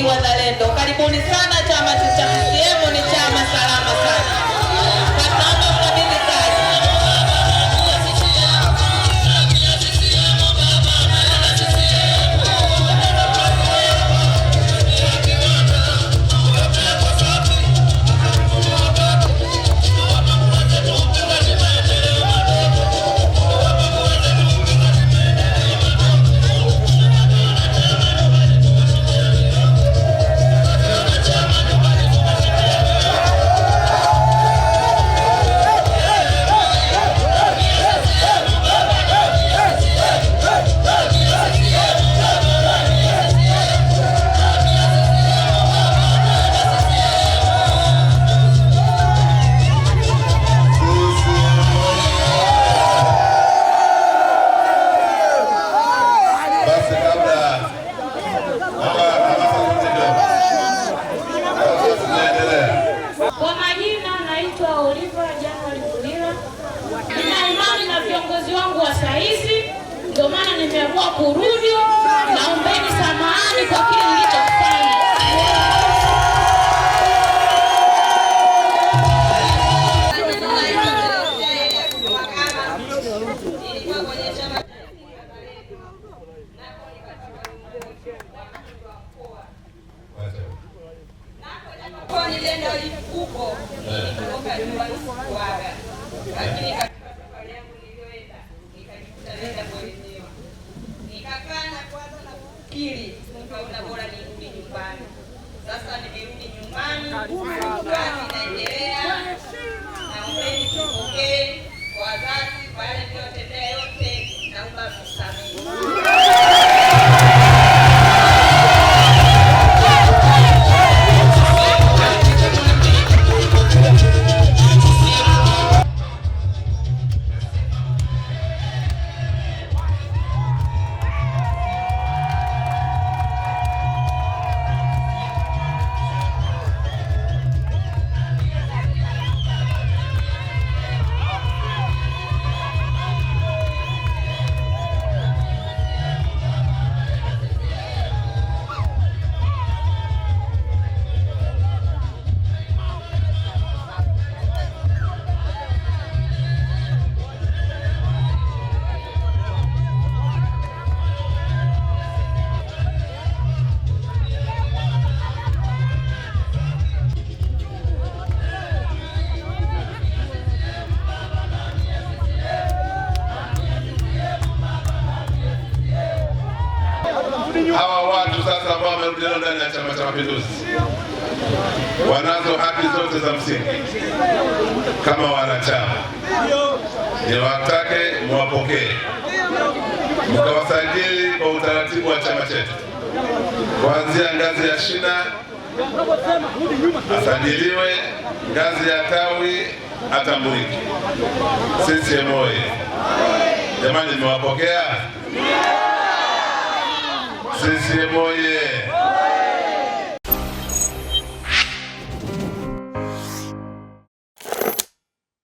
ACT Wazalendo. Karibuni sana. kuamua kurudi. Naombeni samahani kwa ukaona bora nirudi nyumbani. Sasa nimerudi nyumbani, kazi inaendelea. hawa watu sasa ambao wamerudi ndani ya Chama cha Mapinduzi wanazo haki zote za msingi kama wanachama, niwatake mwapokee, mkawasajili kwa utaratibu wa chama chetu kuanzia ngazi ya shina asajiliwe, ngazi ya tawi atambulike. Sisi emoye, jamani, nimewapokea. Sisi moye